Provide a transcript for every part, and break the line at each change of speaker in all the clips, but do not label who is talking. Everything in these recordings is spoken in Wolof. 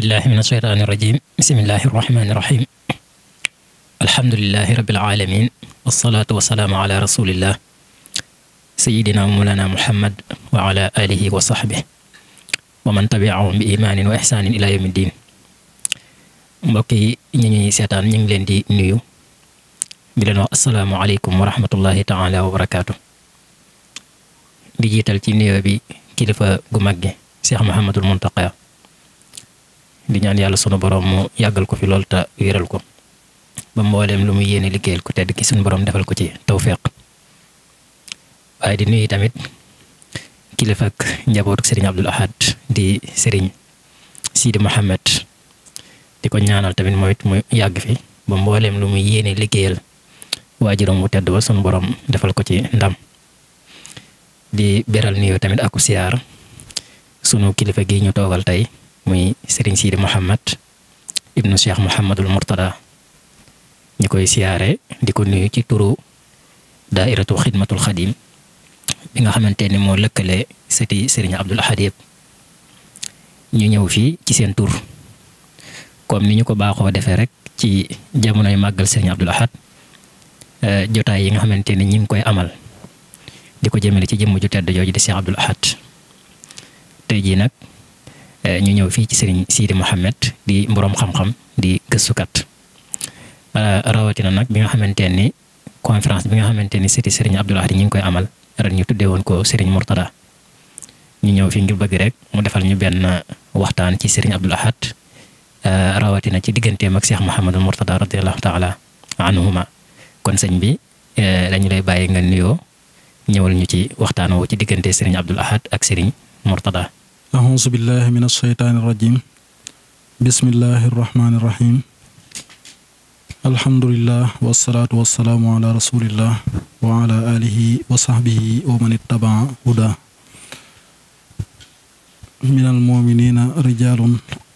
billahi min asheytaani irajim bismillahi irrahmani irrahim alhamdulilahi rabil alamin wasalaatu wasalaamu ala rasulillah sayidina mawlana muhammad wa ala alihi wa sahbih wa man tabiahum bi imaanin yi ñu ñuy ñu ngi leen di nuyu di leen wax taala wa barakaatu di jiital ci nuyoo bi kilifa gu mag gi Cheikh di ñaan yàlla sunu borom mu yàggal ko fi loolu te wéral ko ba mbooleem lu mu yéene liggéeyal ku tedd ki sunu borom defal ko ci tawféq waaye di nuyu tamit kilifa ak njabootu sëriñ Abdul Ahad di sëriñ Sidi Mohamed di ko ñaanal tamit moom it mu yàgg fi ba mbooleem lu mu yéene liggéeyal waajuram mu tedd ba sunu borom defal ko ci ndam di beral nuyoo tamit ak siyaar sunu kilifa gi ñu toogal tey. muy Serigne Sidi Mouhamad ibnu Cheikh Mouhamadul Mourtada ñu koy siyaare di ko nuyu ci turu daairatu xidmatul xadim bi nga xamante ni moo lëkkale sëti Serigne Abdoul Ahad yëpp ñu ñëw fii ci seen tur comme ni ñu ko baaxoo defee rek ci jamonoy màggal Serigne Abdoul Ahad euh, jotaay yi nga xamante ni ñi ngi koy amal di ko jëmale ci jëmm ju tedd jooju di Cheikh Abdoul Ahad tey jii nag Eh, ñu ñëw fii ci sëriñ Sidi Mouhamed di mboroom xam-xam di gëstukat eh, rawatina nag bi nga xamante ni conférence bi nga xamante ni sëti sëriñ Abdoul Ahad ñu ngi koy amal ren ñu tuddee woon ko sëriñ Mourtada ñu ñëw fii ngir bëgg rek mu defal ñu benn waxtaan ci sëriñ Abdoul Ahad eh, rawatina ci digganteem ak Cheikh Mouhamadou Mourtada radiyallahu taala anhuma kon sëñ bi dañu lay bàyyi nga nuyoo ñëwal ñu ci waxtaan woo ci diggante sëriñ Abdoul Ahad ak sëriñ Mourtada
أعوذ بالله من الشيطان الرجيم بسم الله الرحمن الرحيم الحمد لله والصلاة والسلام على رسول الله وعلى آله وصحبه ومن اتبع هداه من المؤمنين رجال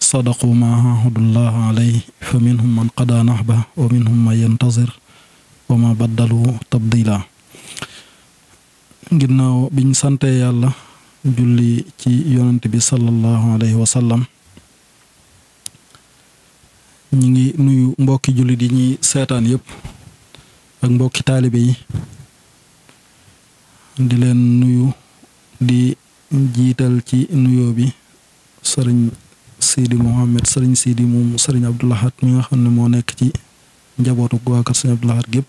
صدقوا ما عاهدوا الله عليه فمنهم من قضى نحبه ومنهم من ينتظر وما بدلوا تبديلا ginnaaw biñ sante yàlla julli ci yonent bi sallallahu alayhi wa sallam ñu ngi nuyu mbokki julli yi ñuy seetaan yépp ak mbokki taalibe yi di leen nuyu di jiital ci nuyoo bi sëriñ Sidi Mohamed sëriñ Sidi moom sëriñ Abdoulahat mi nga xam ne moo nekk ci njabootu waa kër sëriñ gépp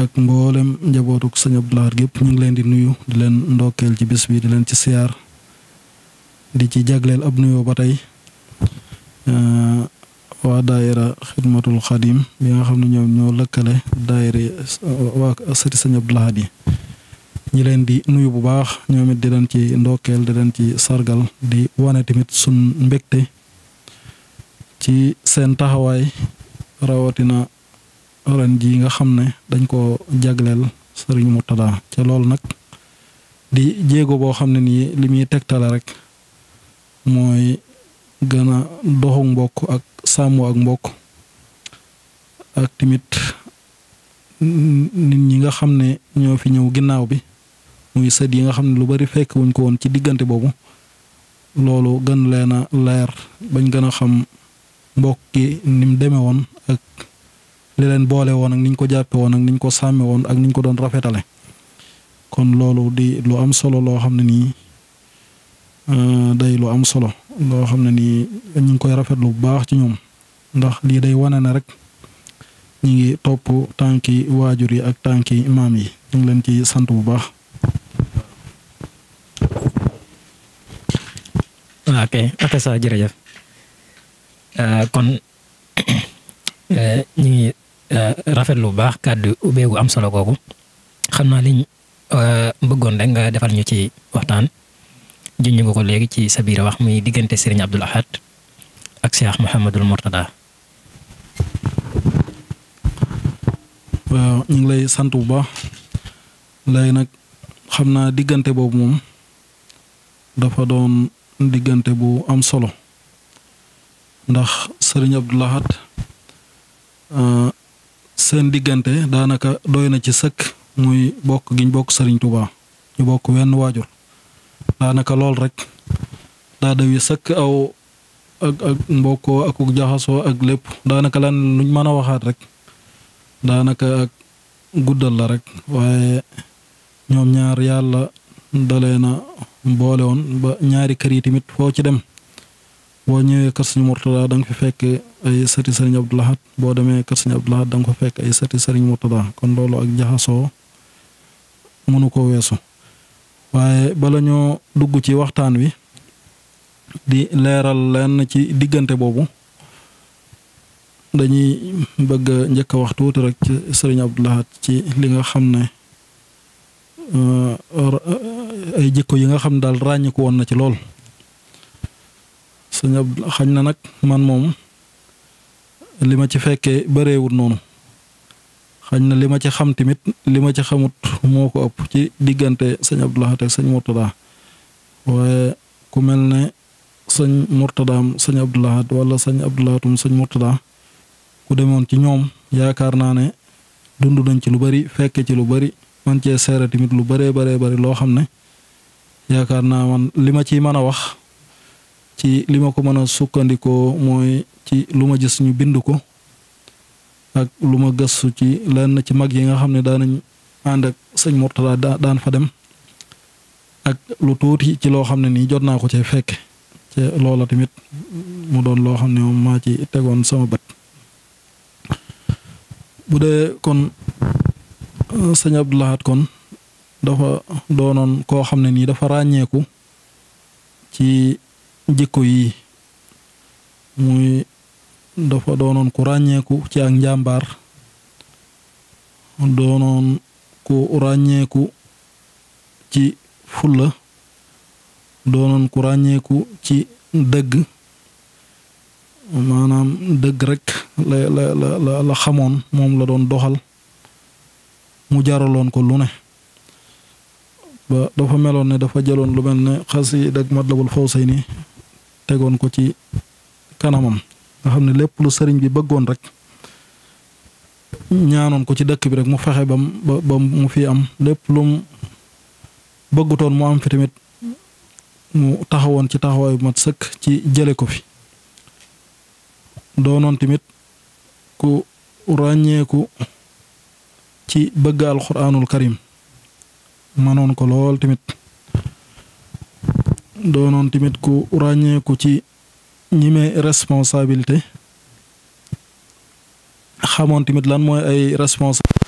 ak mboolem njabootuk sëñ Abdou gépp ñu ngi leen di nuyu di leen ndokkeel ci bis bi di leen ci siyaar di ci jagleel ab nuyoo ba tey euh, waa daayira xidmatul xadim bi nga xam ne ñoom ñoo lëkkale daayira waa sëti sëñ Abdou yi ñi leen di nuyu bu baax ñoomit di leen ci ndokkeel di leen ci sargal di wane tamit sun mbégte ci seen taxawaay rawatina ren jii nga xam ne dañ ko jagleel sëriñ Murtada ca loolu nag di jéego boo xam ne nii li muy tegtale rek mooy gën a doxu mbokk ak sàmmu ak mbokk ak tamit nit ñi nga xam ne ñoo fi ñëw ginnaaw bi muy set yi nga xam ne lu bari fekk wuñ ko woon ci diggante boobu loolu gën leen leer bañ gën a xam mbokk gi ni mu woon ak li leen boole woon ak niñ ko jàppe woon ak niñ ko sàmme woon ak niñ ko doon rafetale kon loolu di lu am solo loo xam ne nii euh, day lu am solo loo xam ne nii ñu ngi koy rafetlu bu baax ci ñoom ndax lii day wane na rek ñu ngi topp tànki waajur yi ak tànki maam yi ñu ngi leen ci sant bu baax.
ok ok sa Euh, rafet lu baax kàddu ubbeegu am solo kooku xam naa liñ euh, bëggoon rek nga defal ñu ci waxtaan junj nga ko léegi ci sa biir wax muy diggante Serigne Abdoul Ahad ak Cheikh Mouhamadul Mourtada.
waaw ñu ngi lay sant bu baax léegi nag xam naa diggante boobu moom dafa doon diggante bu am solo ndax Serigne Abdoul Ahad euh, seen diggante daanaka doy na ci sëkk muy bokk giñ bokk sëriñ Touba ñu bokk wenn waajur daanaka lool rek daa dawi sëkk aw ak ak mbokkoo ak jaxasoo ak lépp daanaka lan luñ mën a waxaat rek daanaka ak guddal la rek waaye ñoom ñaar yàlla dalee na boole woon ba ñaari kër yi tamit foo ci dem boo ñëwee kër Sëriñ Mourtada da nga fi fekk ay sëti Sëriñ boo demee kër Sëriñ Abdou Lahad da nga fa fekk ay sëti Sëriñ Mourtada kon loolu ak jaxasoo mënu ko weesu waaye balañoo dugg ci waxtaan wi di leeral lenn ci diggante boobu dañuy bëgg njëkk a wax tuuti rek ci Sëriñ Abdou ci li nga xam ne euh, ay jikko yi nga xam ne daal ràññiku woon na ci lool sëñ Abdou xañ na nag man moom li ma ci fekkee bëreewul noonu xañ na li ma ci xam tamit li ma ci xamut moo ko ëpp ci diggante sëñ Abdou Lahad ak sëñ Mourtada waaye ku mel ne sëñ Mourtadaam sëñ Abdou Lahad wala sëñ Abdou Lahadum sëñ Mourtada ku demoon ci ñoom yaakaar naa ne dund nañ ci lu bari fekke ci lu bari man cee seere tamit lu baree baree bari loo xam ne yaakaar naa man li ma ciy mën a wax ci li ma ko mën a sukkandikoo mooy ci lu ma gis ñu bind ko ak lu ma gëstu ci lenn ci mag yi nga xam ne daanañ ànd ak sëñ Mourtala daan fa dem ak lu tuuti ci loo xam ne nii jot naa ko cee fekk ci loola tamit mu doon loo xam ne maa ci tegoon sama bët bu dee kon euh, sëñ Abdou Lahad kon dafa doonoon koo xam ne nii dafa ràññeeku ci jikko yi muy dafa doonoon ku ràññeeku ci ak njàmbaar doonoon ku ràññeeku ci fulla doonoon ku ràññeeku ci dëgg maanaam dëgg rek la la la xamoon moom la doon doxal mu jaraloon ko lu ne ba dafa meloon ne dafa jëloon lu mel ne xas yi dëgg Matlabul Fawzayni tegoon ko ci kanamam nga xam ne lépp lu sëriñ bi bëggoon rek ñaanoon ko ci dëkk bi rek mu fexe ba ba mu fi am lépp lu bëggutoon mu am fi tamit mu taxawoon ci taxawaay bu sëkk ci jële ko fi doonoon tamit ku ràññeeku ci bëgg alxuraanul karim manoon ko lool tamit doonoon tamit ku ràññeeku ci ñime responsabilité xamoon tamit lan mooy ay responsabilité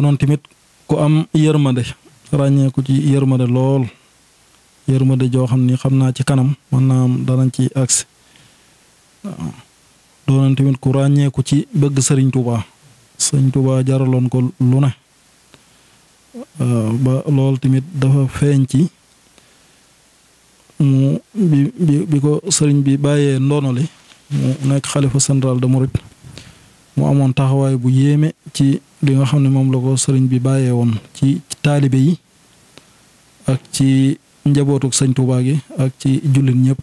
doonoon tamit ku am yërmande ràññeeku ci yërmande lool yërmande joo xam ni xam naa ci kanam mën naa am danañ ci agsi waaw doonoon tamit ku ràññeeku ci bëgg sëriñ Touba sëriñ Touba jaraloon ko lu ne ba lool tamit dafa feeñ ci mu bi bi ko sëriñ bi bàyyee ndono li mu nekk xalifa central de mu amoon taxawaay bu yéeme ci li nga xam ne moom la ko sëriñ bi bàyyee woon ci taalibe yi ak ci njabootuk sëñ Tuubaa gi ak ci jullit ñépp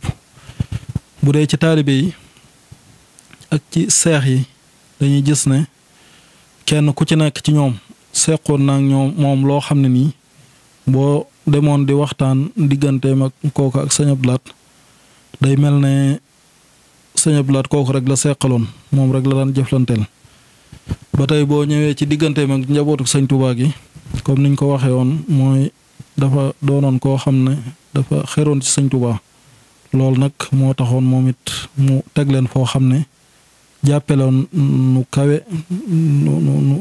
bu dee ci taalibe yi ak ci seex yi dañuy gis ne kenn ku ci nekk ci ñoom seqoon naa ñoom moom loo xam ne nii boo demoon di waxtaan digganteem ak kooku ak sëñ day mel ne sëñ Abdu Laat kooku rek la seqaloon moom rek la daan jëflanteel ba tey boo ñëwee ci diggante digganteem ak njabootu sëñ Tuubaa gi comme niñ ko waxee woon mooy dafa doonoon koo xam ne dafa xeroon ci sëñ Tuubaa loolu nag moo taxoon moom it mu teg leen foo xam ne jàppeloon nu kawe nu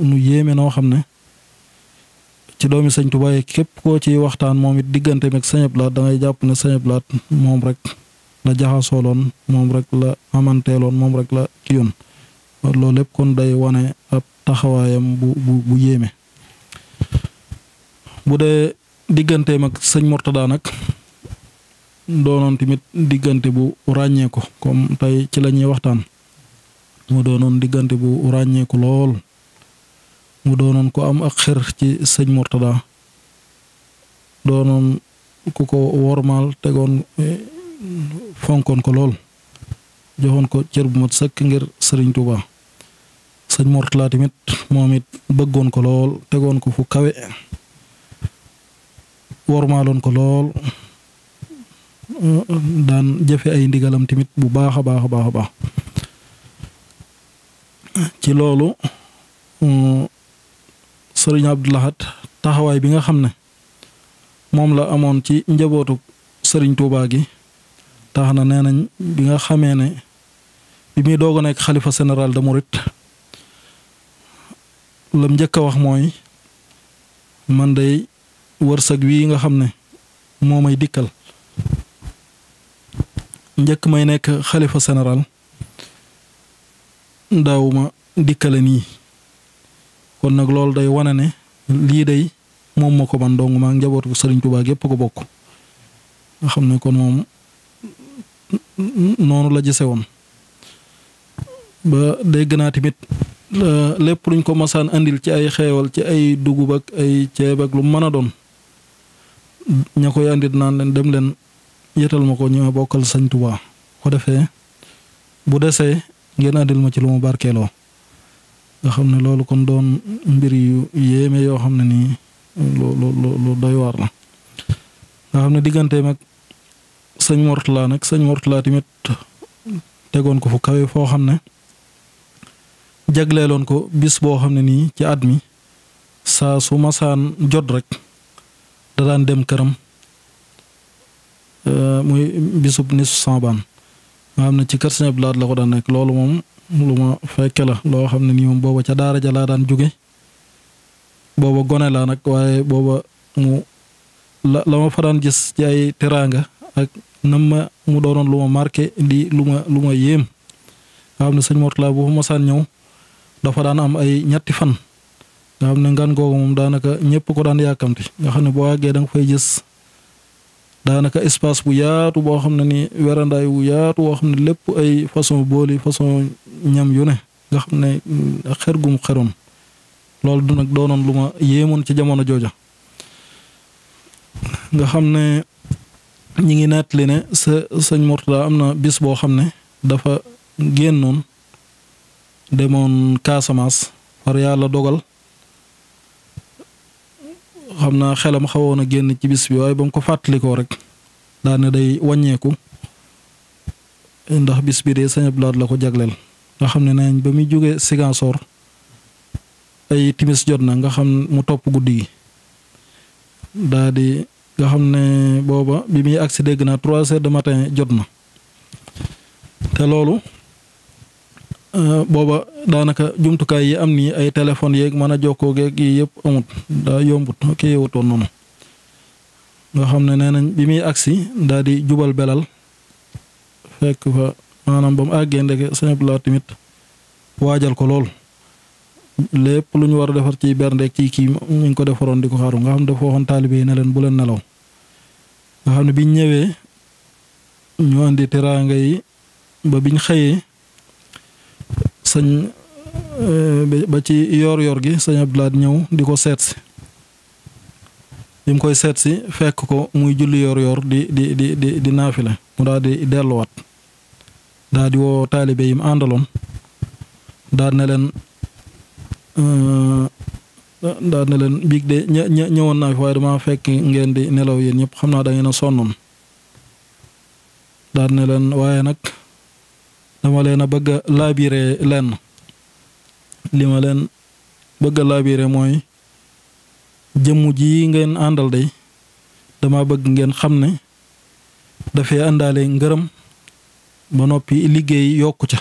nu yéeme noo xam ne ci doomi sëñ Tuubaa yi képp koo ciy waxtaan moom it digganteem ak sëñ Abdu Lahat jàpp na sëñ Abdu moom rek la loon moom rek la amanteeloon moom rek la kiyoon loolu lépp kon day wane ab taxawaayam bu bu yéeme bu dee digganteem ak sëñ Mourtada nag doonoon tamit diggante bu ràññee ko comme tey ci la ñuy waxtaan mu doonoon diggante bu ràññeeku lool mu doonoon ko am ak xir ci sëñ Mourtada doonoon ku ko wormaal tegoon eh, fonkoon ko lool joxoon ko cër bu mat sëkk ngir sëriñ Touba sëñ Mourtala tamit moom it bëggoon ko lool tegoon ko fu kawe wormaaloon ko lool daan jëfe ay ndigalam tamit bu baax a baax a baax a baax ci loolu sëriñ Abdou Lahad taxawaay bi nga xam ne moom la amoon ci njabootu sëriñ Touba gi tax na nee nañ bi nga xamee ne bi muy doog nekk xalifa général de Mouride lam njëkk a wax mooy man day wërsëg wii nga xam ne moo may dikkal njëkk may nekk xalifa général daawuma dikkale nii kon nag loolu day wane ne lii day moom ma ko man dong maa njabootu Sëriñ Tuubaa gépp ko bokk nga xam ne kon moom noonu la gise woon ba day gënaa tamit lépp luñ ko masaan andil ci ay xeewal ci ay dugub ak ay ceeb ak lu mën a doon ña koy andil naan leen dem leen yetal ma ko ñu bokkal Sëñ Tuubaa ko defee bu desee ngeen andil ma ci lu mu barkeeloo nga xam ne loolu kon doon mbir yu yéeme yoo xam ne nii lu lu lu doy waar la nga xam ne digganteem ak sëñ Mortala nag sëñ Mortala tamit tegoon ko fu kawe foo xam ne jagleeloon ko bis boo xam ne nii ci at mi sa su masaan jot rek da daan dem këram euh, muy bisub ni su Saabaan nga xam ne ci kër Sëñ Abdu la ko daan nekk loolu moom lu ma fekke la loo xam ne nii moom booba ca daara ja laa daan jóge booba gone laa nag waaye booba mu la la ma fa daan gis ci ay teraanga ak nam ma mu doonoon lu ma marqué di lu ma lu ma yéem nga xam ne sëñ Mortala bu fa masaan ñëw dafa daan am ay ñetti fan nga xam ne ngan googu moom daanaka ñëpp ko daan yàkkamti nga xam ne boo àggee da nga fay gis daanaka espace bu yaatu boo xam ne ni werandaay bu yaatu boo xam ne lépp ay façon booli façon ñam yu ne nga xam ne mm, xer gum xeroon loolu du nag doonoon lu ma yéemoon ci jamono jooja nga xam ne ñi ngi nettali ne sa sëñ Murtada am na bis boo xam ne dafa génnoon demoon Casamance war yàlla dogal xam naa xelam xawoon a génn ci bis bi waaye ba mu ko fàttalikoo rek daane day wàññeeku ndax bis bi dee Sëñ Abdu Lahat la ko jagleel nga xam ne nañ ba muy jóge Sigansor ay timis jot na nga xam mu topp guddi gi daa di nga xam ne booba bi muy agsi dégg naa trois heures de matin jot na te loolu Euh, booba daanaka jumtukaay yi am nii ay téléphones yeeg mën a jokkoo geeg yi yëpp amut daa yombut kii yewutoon nga xam ne nee nañ bi muy agsi daal di jubal belal fekk fa maanaam ba mu àggee ndeke Sëñ Abdulaay tamit waajal ko lool lépp lu ñu war a defar ci berndeek ci kii ñu ngi ko defaroon di ko xaaru nga xam ne dafa waxoon taalibe yi ne leen bu leen nelaw nga xam ne biñ ñëwee ñu andi teraanga yi ba biñ xëyee sëñ eh, ba ci yor yoor gi sëñ Abdoulaye ñëw di ko seet si koy seet si fekk ko muy julli yoor yor di di di di naafi la mu daal di delluwaat daal di woo taalibe yi mu àndaloon daal ne leen eh, daal ne leen biig de ñë ñëwoon naa waaye damaa fekk ngeen di nelaw yéen ñëpp xam naa da ngeen a sonnoon leen waaye nag. dama leen a bëgg a laabire lenn li ma leen bëgg a laabire mooy jëmm ji ngeen àndal day dama bëgg ngeen xam ne dafay àndaale ngërëm ba noppi liggéey yokku ca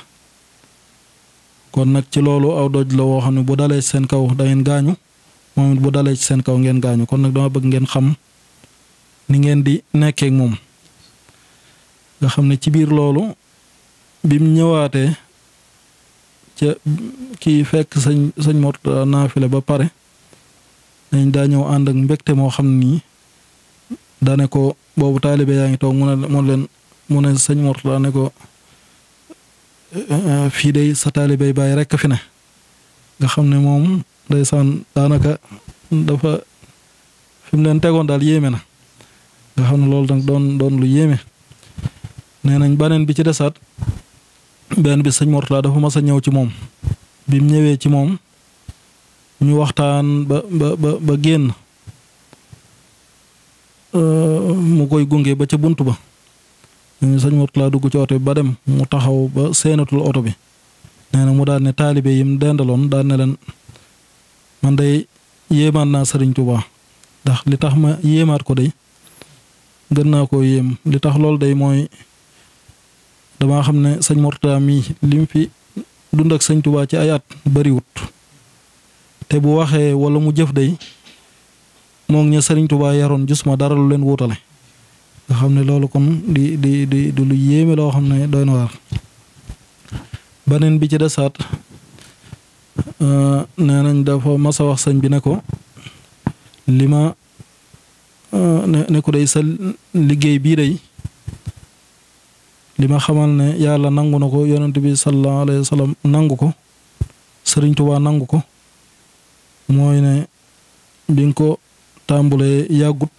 kon nag ci loolu aw doj la woo xam ne bu dalee ci seen kaw da ngeen gaañu moom bu dalee ci seen kaw ngeen gaañu kon nag dama bëgg ngeen xam ni ngeen di nekkee moom nga xam ne ci biir loolu bim ñëwaatee ca kii fekk sëñ sëñ Mortada naafile ba pare dañ daa ñëw ànd ak moo xam nii daane ko boobu taalibe yaa ngi toog mu ne mu leen mu ne sëñ Mortada ne ko eh, eh, fii day sa taalibe baay rekk fi ne nga xam ne moom ndeysaan daanaka dafa fi mu leen tegoon daal yéeme na nga xam ne loolu nag doon lu yéeme nee nañ baneen bi ci desaat benn bi sëñ Mourtala dafa mas a ñëw ci moom bi mu ñëwee ci moom ñu waxtaan ba ba ba ba génn mu koy gunge ba ca bunt ba ñu sëñ Mourtala dugg ci oto bi ba dem mu taxaw ba seenatul oto bi nee mu daal ne taalibe yi mu dendaloon daal ne leen man day yéemaat naa Sëriñ Tuubaa ndax li tax ma yéemaat ko day gën naa koo yéem li tax loolu day mooy. damaa xam ne sëñ Mourtada mi li fi dund ak sëñ Touba ci ay at bariwut te bu waxee wala mu jëf day moom ña sëriñ Touba yaroon gis ma dara lu leen wutale nga xam ne loolu kon di di di di lu yéeme loo xam ne doy na beneen bi ci desaat euh, nee nañ dafa mas a wax sëñ bi ne ko li ma euh, nekku ko day sa liggéey bii day li ma xamal ne yàlla nangu na ko yonent bi sallallahu alayhi wa sallam nangu ko sëriñ Tuubaa nangu ko mooy ne bi ko tàmbulee yàggut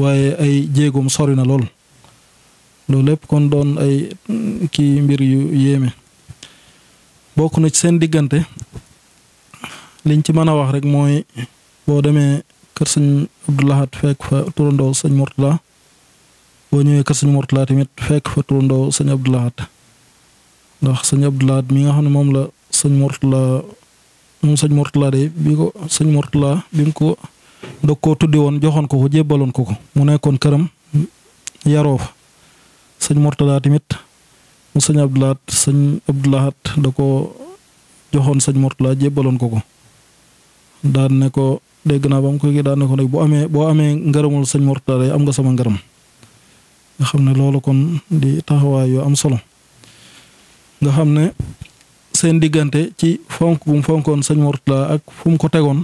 waaye ay jéegoom sori na lool loolu lépp kon doon ay mm, kii mbir yu yéeme bokk na ci seen diggante liñ ci mën a wax rek mooy boo demee kër sëñ Abdou Lahad fekk fa turandoo sëñ Mourtala boo ñëwee kër sëñ Mourtala tamit fekk fa turandoo sëñ Abdou Lahad ndax sëñ Abdou mi nga xam ne moom la sëñ Mourtala moom sëñ Mourtala de bi ko sëñ Mourtala bi mu ko da koo tuddi woon joxoon ko ko jébbaloon ko ko mu nekkoon këram yaroo fa sëñ Mourtala tamit mu sëñ Abdou Lahad sëñ Abdou da ko joxoon sëñ Mourtala jébbaloon ko ko daan ne ko dégg naa ba mu ko gi daan ko nag boo amee boo amee ngërëmul sëñ Mourtala am nga sama ngaram nga xam ne loolu kon di taxawaay yoo am solo nga xam ne seen diggante ci fonk bu mu fonkoon sëñ Mourtala ak fu mu ko tegoon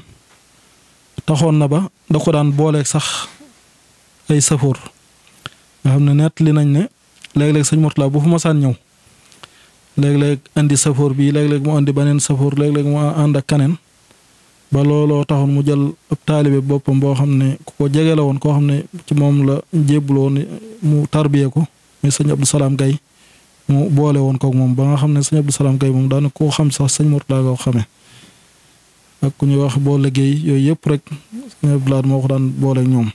taxoon na ba da ko daan booleeg sax ay safoor nga xam ne nett li nañ ne léeg-léeg sëñ Mourtala bu fu masaan ñëw léeg-léeg indi safoor bii léeg-léeg mu indi beneen safoor léeg-léeg mu ànd ak kaneen ba looloo taxoon mu jël ab taalibe boppam boo xam ne ku ko jege la woon koo xam ne ci moom la jébblu woon mu tarbiye ko muy sëñ Abdou Salaam Gaye mu boole woon kook moom ba nga xam ne sëñ Abdou Salaam Gaye moom daanaka koo xam sax sëñ Mourtada nga ko xamee ak ku ñuy wax boole Gaye yooyu yëpp rek sëñ moo ko daan boole ñoom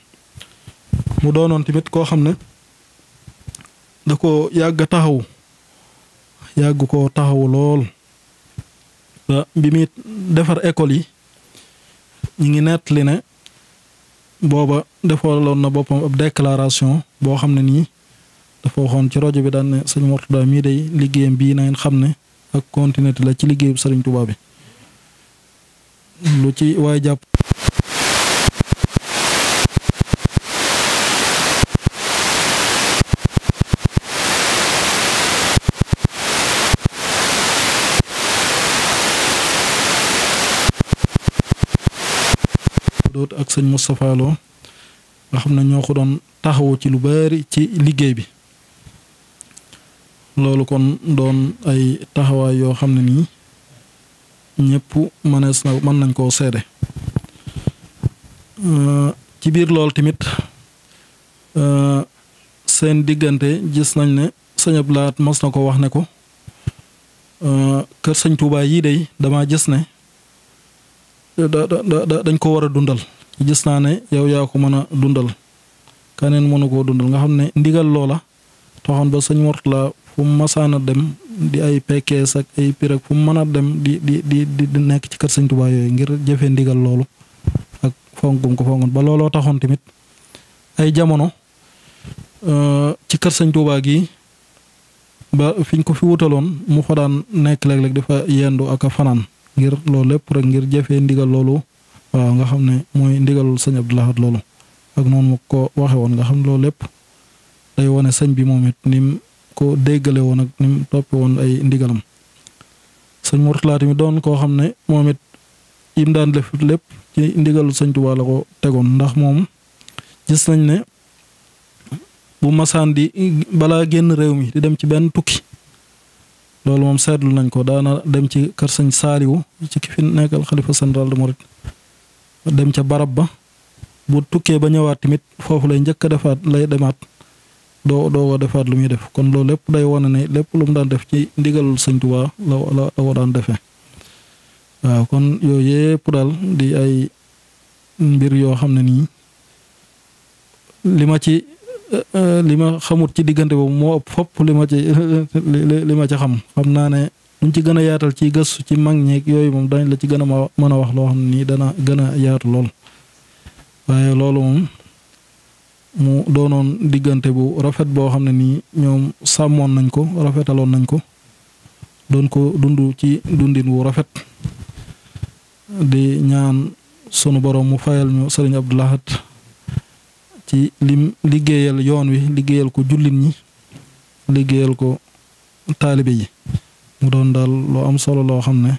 mu doonoon tamit koo xam ne da ko yàgg taxaw yàgg ko taxawu lool ba bi muy defar école yi ñi ngi nettali ne booba defaloon na boppam ab déclaration boo xam ne nii dafa waxoon ci rajo bi daan ne sëñ Mourtada mii day liggéeyam bii nan xam ne ak continuité la ci liggéeyu sëriñ tubaab bi lu ci waaye jàpp ak sëñ Moustapha Lo xam ne ñoo ko doon taxawu ci lu bari ci liggéey bi loolu kon doon ay taxawaay yoo xam ne nii ñëpp mënees na mën nañ koo seede ci biir loolu tamit seen diggante gis nañ ne sëñ Abdou Lahad na ko wax ne ko kër sëñ Touba yii day dama gis ne dañ koo war a dundal gis naa ne yow yaa ko mën a dundal keneen mënu koo dundal nga xam ne ndigal loola taxoon ba sëñ Mourtala la mu masaan dem di ay pekkees ak ay pir ak fu mën a dem di di di di nekk ci kër sëñ Tuubaa yooyu ngir jëfee ndigal loolu ak ko fonkoon ba looloo taxoon tamit ay jamono euh, ci kër gi ba fiñ ko fi mu fa daan nekk léeg-léeg dafa yendu ak fanaan ngir lool lépp rek ngir jëfee ndigal loolu waaw nga xam ne mooy ndigalul sëñ Abdou Lahad loolu ak noonu ma ko waxe woon nga xam loolu lépp day wane sëñ bi moomit it nim ko déggale woon ak nim toppe woon ay ndigalam sëñ Mourtala tamit doon koo xam ne moomit it yim daan def lépp ci ndigalul sëñ Tuubaa ko tegoon ndax moom gis nañ ne bu masaan di balaa génn réew mi di dem ci benn tukki loolu moom seetlu nañ ko daana dem ci kër sëñ Saaliwu ci ki fi nekkal xalifa central de Mouride dem ca barab ba bu tukkee ba ñëwaat tamit foofu lay njëkk a defaat lay demaat doo doo defaat lu muy def kon loolu lépp day wane ne lépp lu mu daan def ci ndigalul Sëñ Tuubaa la la la daan defee waaw kon yooyu yépp daal di ay mbir yoo xam ne nii li ma ci eh, eh, li ma xamut ci diggante boobu moo ëpp fopp li ma ci li ma ci xam xam naa ne buñ ci gën a yaatal ci gëstu ci mag ñeeg yooyu moom dañ la ci gën ma mën a wax loo xam ni dana gën a yaatu lool waaye loolu moom mu doonoon diggante bu rafet boo xam ne nii ñoom sàmmoon nañ ko rafetaloon nañ ko doon ko dund ci dundin wu rafet di ñaan sunu boroom mu fayal ñu sëriñ Abdou ci lim liggéeyal yoon wi liggéeyal ko jullit ñi liggéeyal ko taalibe yi mu doon daal loo am solo loo xam ne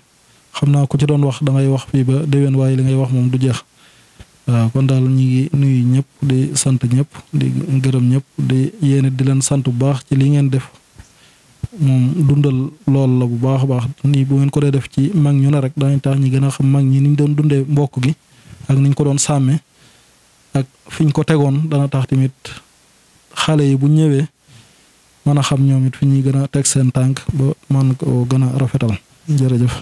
xam naa ko ci doon wax da ngay wax fii ba déwén waaye li ngay wax moom du jeex waaw kon daal ñi ngi nuyu ñëpp di sant ñëpp di gërëm ñëpp di yéene di leen sant bu baax ci li ngeen def moom dundal lool la bu baax a baax nii bu ngeen ko dee def ci mag ñu ne rek danañ tax ñi gën a xam mag ñi niñ doon dundee mbokk gi ak niñ ko doon sàmmee ak fiñ ko tegoon dana tax tamit xale yi bu ñëwee mën a xam ñoom it fi ñuy gën a teg seen tànk ba man koo gën a rafetal jërëjëf